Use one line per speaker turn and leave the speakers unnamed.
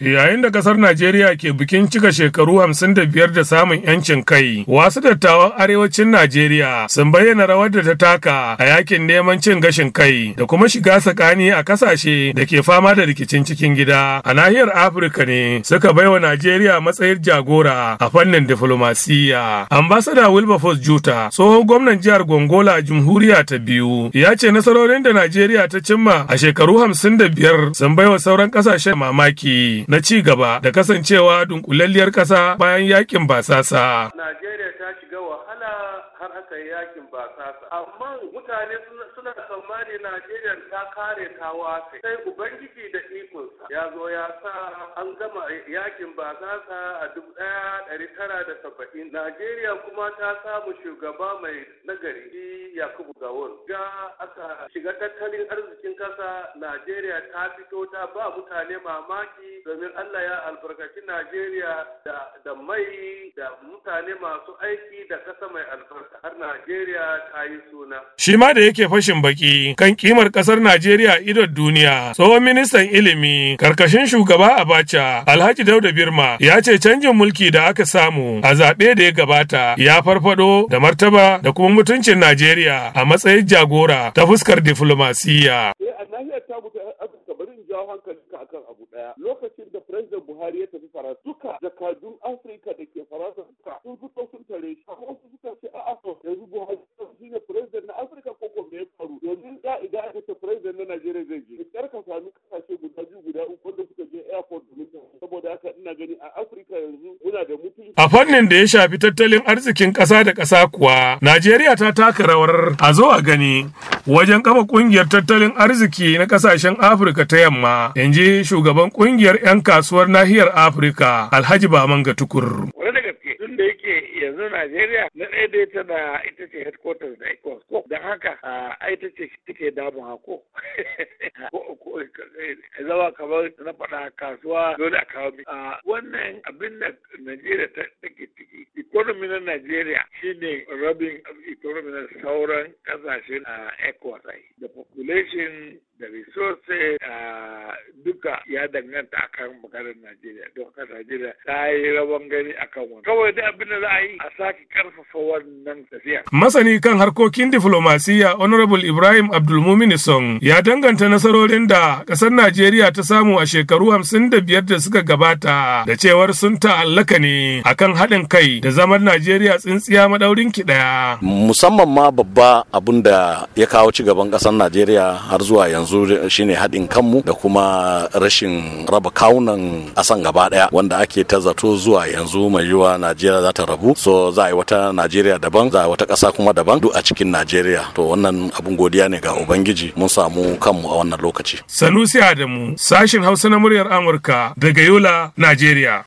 Yayin da kasar Najeriya ke bikin cika shekaru hamsin da biyar da samun 'yancin kai, wasu dattawan arewacin Najeriya sun bayyana rawar da ta taka a yakin neman cin gashin kai da kuma shiga tsakani a kasashe da ke fama da rikicin cikin gida. A nahiyar Afirka ne suka baiwa Najeriya matsayin jagora a fannin diflomasiyya. Ambasada Wilberforce Juta, tsohon gwamnan jihar Gongola Jamhuriya ta biyu, ya ce nasarorin da Najeriya ta cimma a shekaru hamsin da biyar sun baiwa sauran kasashen mamaki. na ci gaba da kasancewa dunkulalliyar ƙasa bayan yakin basasa.
Najeriya ta
shiga wahala har aka yi yakin basasa. Amma mutane suna tsammani Najeriya ta kare ta wasa. Sai Ubangiji da ikonsa ya zo ya sa an gama yakin basasa a dubu ɗaya ɗari tara da saba'in. Najeriya kuma ta samu shugaba mai nagari Yakubu Gawon. Ga aka shiga tattalin arzikin ƙasa Najeriya ta fito ta ba mutane mamaki domin Allah ya albarkaci Najeriya da mai da mutane masu aiki da kasa mai albarka har Najeriya ta yi suna.
Shi ma da yake fashin baki kan kimar ƙasar Najeriya idon duniya tsohon ministan ilimi karkashin shugaba Abacha Alhaji Dauda Birma ya ce canjin mulki da aka samu a zaɓe da ya gabata ya farfado da martaba da kuma mutuncin Najeriya a matsayin jagora ta fuskar diflomasiyya.
al'adun afirka da ke faransa suka sun fito sun tare shi amma wasu suka ce a'a to yanzu buhari shi ne president na afirka ko ko me ya faru yanzu da idan aka ce president na najeriya zai je kar ka sami kasashe guda biyu guda uku wanda suka je airport domin saboda haka ina gani a afirka yanzu muna da mutu A
fannin da ya shafi tattalin arzikin ƙasa da ƙasa kuwa, Najeriya ta taka rawar a zo a gani wajen kafa ƙungiyar tattalin arziki na ƙasashen Afirka ta yamma, in shugaban ƙungiyar 'yan kasuwar nahiyar Afirka, Alhaji Baman Tukur.
yanzu Najeriya na ɗaya dai tana ita ce headquarters da ECOWAS ko don haka a ita ce take damun hako. Zama kamar na faɗa kasuwa dole a kawo Wannan abin da Najeriya take ciki economy na Najeriya shine rabin economy na sauran kasashen a ECOWAS da population da resources duka ya danganta akan maganar Najeriya don haka Najeriya ta yi rawan gani akan wani. Kawai da abin da za a yi a sake karfafa wannan tafiya.
Masani kan harkokin diflomasiyya Honorable Ibrahim Abdulmumin Song ya danganta nasarorin da ƙasar Najeriya ta samu a shekaru hamsin da biyar da suka gabata da cewar sun ta'allaka ne akan haɗin kai da zaman Najeriya tsintsiya maɗaurin ki ɗaya.
Musamman ma babba abun da ya kawo ci gaban ƙasar Najeriya har zuwa yanzu shine haɗin kanmu da kuma rashin raba kawunan asan gaba daya wanda ake ta zato zuwa yanzu mai yiwa najeriya za ta rabu so za a yi wata najeriya daban za a wata ƙasa kuma daban duk a cikin najeriya to wannan abun godiya ne ga ubangiji mun samu kanmu a wannan lokaci
sanusi adamu sashin hausa na muryar amurka daga yola najeriya